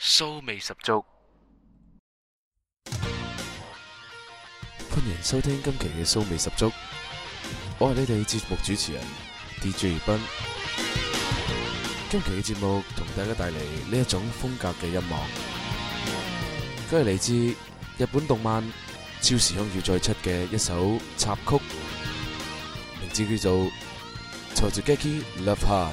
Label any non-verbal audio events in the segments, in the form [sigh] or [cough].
騷味十足，歡迎收聽今期嘅騷味十足，我係你哋節目主持人 DJ Ben。今期嘅節目同大家帶嚟呢一種風格嘅音樂，佢係嚟自日本動漫《超時空要塞7》嘅一首插曲，名字叫做《Totsugeki Love Heart》。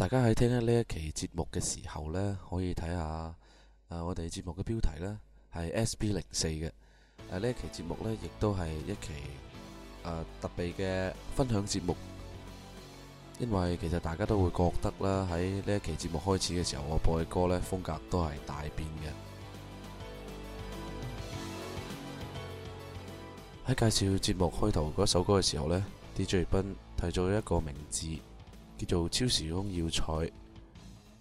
大家喺聽緊呢一期節目嘅時候呢可以睇下誒，我哋節目嘅標題呢係 S. B. 零四嘅。誒、呃，呢一期節目呢，亦都係一期、呃、特別嘅分享節目，因為其實大家都會覺得啦，喺呢一期節目開始嘅時候，我播嘅歌呢風格都係大變嘅。喺介紹節目開頭嗰首歌嘅時候呢 DJ 斌提咗一個名字。叫做《超時空要塞》，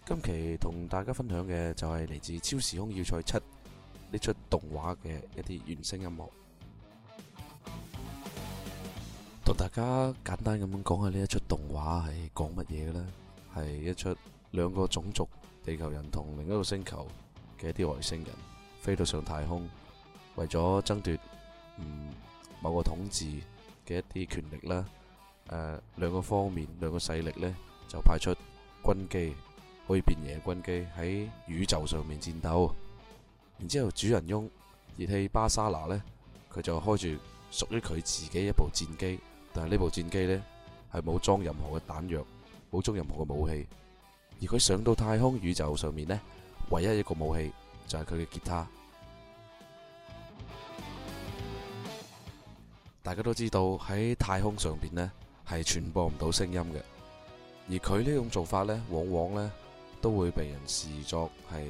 今期同大家分享嘅就係嚟自《超時空要塞七》呢出動畫嘅一啲原聲音樂。同大家簡單咁樣講下呢一出動畫係講乜嘢嘅呢？係一出兩個種族地球人同另一個星球嘅一啲外星人飛到上太空，為咗爭奪嗯某個統治嘅一啲權力啦。誒、呃，兩個方面，兩個勢力呢，就派出軍機，可以變形嘅軍機喺宇宙上面戰鬥。然之後，主人翁熱氣巴沙拉呢，佢就開住屬於佢自己一部戰機，但係呢部戰機呢，係冇裝任何嘅彈藥，冇裝任何嘅武器。而佢上到太空宇宙上面呢，唯一一個武器就係佢嘅吉他。大家都知道喺太空上邊呢。係傳播唔到聲音嘅，而佢呢種做法呢，往往呢都會被人視作係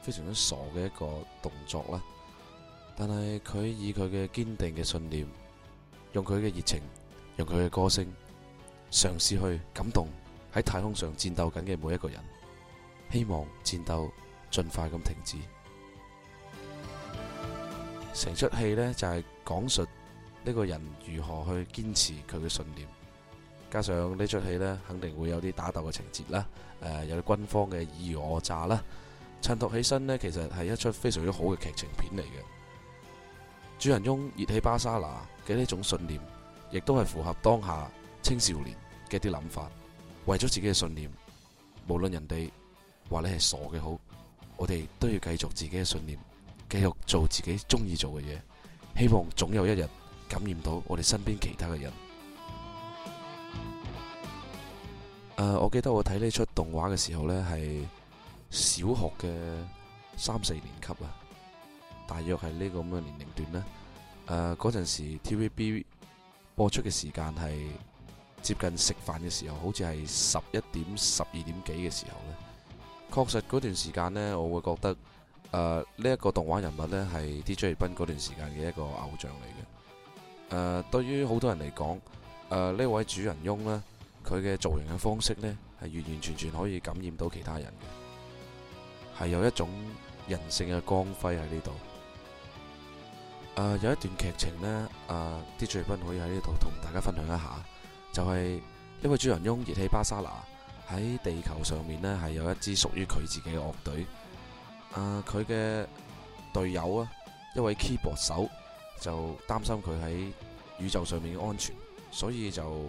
非常之傻嘅一個動作啦。但係佢以佢嘅堅定嘅信念，用佢嘅熱情，用佢嘅歌聲，嘗試去感動喺太空上戰鬥緊嘅每一個人，希望戰鬥盡快咁停止。成出戲呢，就係講述。呢個人如何去堅持佢嘅信念？加上呢齣戲呢，肯定會有啲打鬥嘅情節啦，誒、呃，有啲軍方嘅爾虞我詐啦，襯托起身呢，其實係一出非常之好嘅劇情片嚟嘅。主人翁熱氣巴沙拿嘅呢種信念，亦都係符合當下青少年嘅啲諗法。為咗自己嘅信念，無論人哋話你係傻嘅好，我哋都要繼續自己嘅信念，繼續做自己中意做嘅嘢。希望總有一日。感染到我哋身邊其他嘅人。呃，我記得我睇呢出動畫嘅時候咧，係小學嘅三四年級啊，大約係呢個咁嘅年齡段咧。呃，嗰陣時 T V B 播出嘅時間係接近食飯嘅時候，好似係十一點十二點幾嘅時候咧。確實嗰段時間咧，我會覺得誒，呢一個動畫人物咧係 D J 斌，嗰段時間嘅一個偶像嚟嘅。誒、呃，對於好多人嚟講，誒、呃、呢位主人翁呢，佢嘅造型嘅方式呢，係完完全全可以感染到其他人嘅，係有一種人性嘅光輝喺呢度。有一段劇情呢，阿狄翠芬可以喺呢度同大家分享一下，就係、是、呢位主人翁熱氣巴沙拿喺地球上面呢，係有一支屬於佢自己嘅樂隊。佢、呃、嘅隊友啊，一位 keyboard 手。就擔心佢喺宇宙上面嘅安全，所以就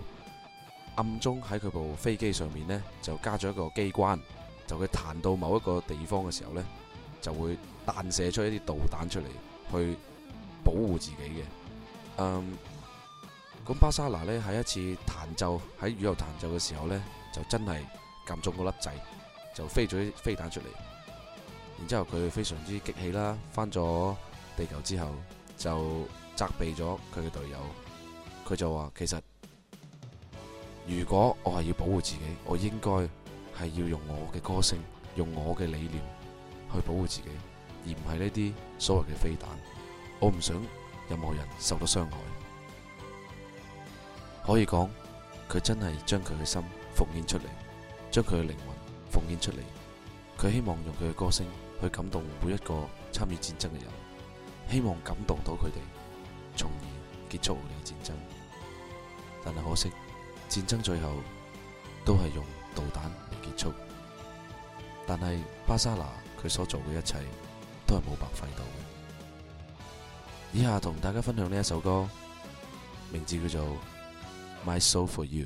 暗中喺佢部飛機上面呢，就加咗一個機關，就佢彈到某一個地方嘅時候呢，就會彈射出一啲導彈出嚟，去保護自己嘅。嗯，咁巴沙拿呢，喺一次彈奏喺宇宙彈奏嘅時候呢，就真係撳中一個粒掣，就飛咗啲飛彈出嚟。然之後佢非常之激氣啦，返咗地球之後。就責備咗佢嘅隊友，佢就話：其實如果我係要保護自己，我應該係要用我嘅歌聲、用我嘅理念去保護自己，而唔係呢啲所謂嘅飛彈。我唔想任何人受到傷害。可以講，佢真係將佢嘅心奉獻出嚟，將佢嘅靈魂奉獻出嚟。佢希望用佢嘅歌聲去感動每一個參與戰爭嘅人。希望感動到佢哋，從而結束我哋嘅戰爭。但係可惜，戰爭最後都係用導彈嚟結束。但係巴沙拉佢所做嘅一切，都係冇白費到嘅。以下同大家分享呢一首歌，名字叫做《My Soul For You》。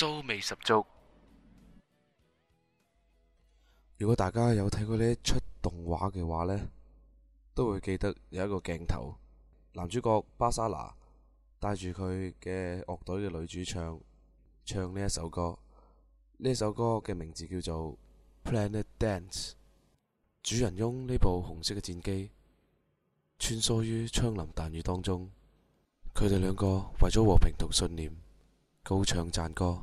騷味十足。如果大家有睇過呢一齣動畫嘅話咧，都會記得有一個鏡頭，男主角巴薩拉帶住佢嘅樂隊嘅女主唱唱呢一首歌。呢一首歌嘅名字叫做《Planet Dance》。主人翁呢部紅色嘅戰機穿梭於槍林彈雨當中，佢哋兩個為咗和平同信念高唱讚歌。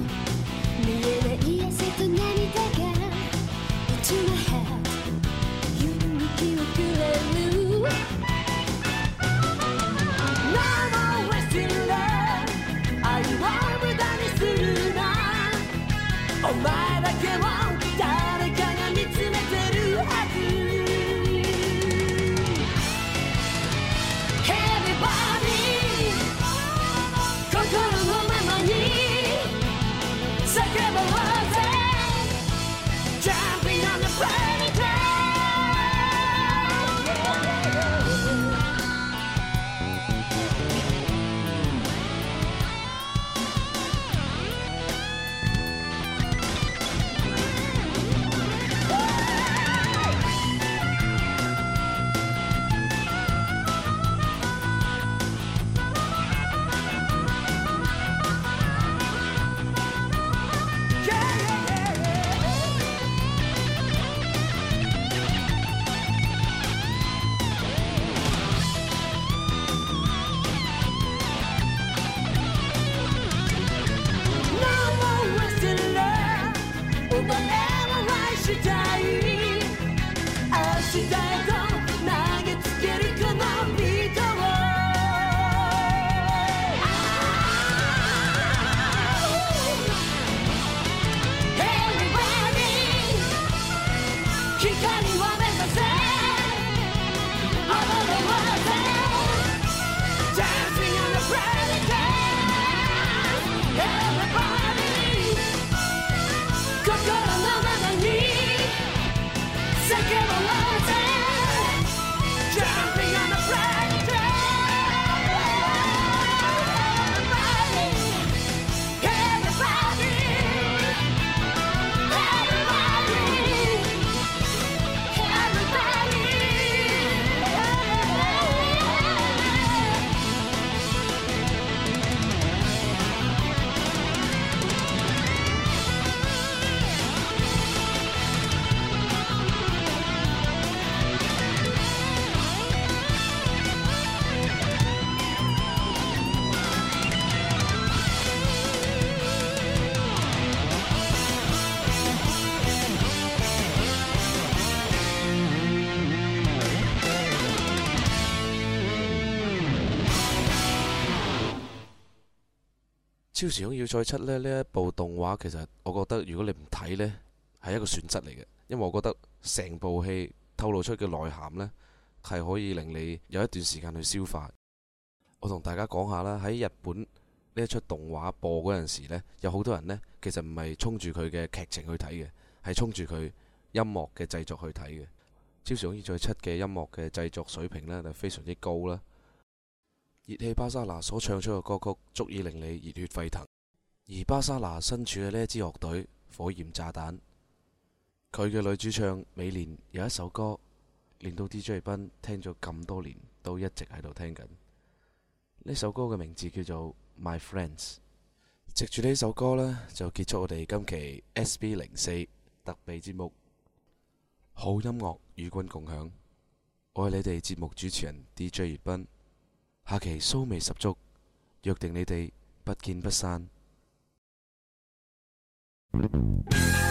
超時空要塞七呢一部動畫，其實我覺得如果你唔睇呢，係一個損失嚟嘅，因為我覺得成部戲透露出嘅內涵呢，係可以令你有一段時間去消化。我同大家講下啦，喺日本呢一出動畫播嗰陣時呢，有好多人呢，其實唔係衝住佢嘅劇情去睇嘅，係衝住佢音樂嘅製作去睇嘅。超時空要塞七嘅音樂嘅製作水平呢，就非常之高啦。熱氣，熱氣巴沙拿所唱出嘅歌曲足以令你熱血沸騰。而巴沙拿身處嘅呢一支樂隊，火焰炸彈，佢嘅女主唱美蓮有一首歌，令到 D J 賓聽咗咁多年都一直喺度聽緊。呢首歌嘅名字叫做《My Friends》。藉住呢首歌呢，就結束我哋今期 S B 零四特備節目，好音樂與君共享。我係你哋節目主持人 D J 熱下期酥味十足，約定你哋不見不散。 [noise]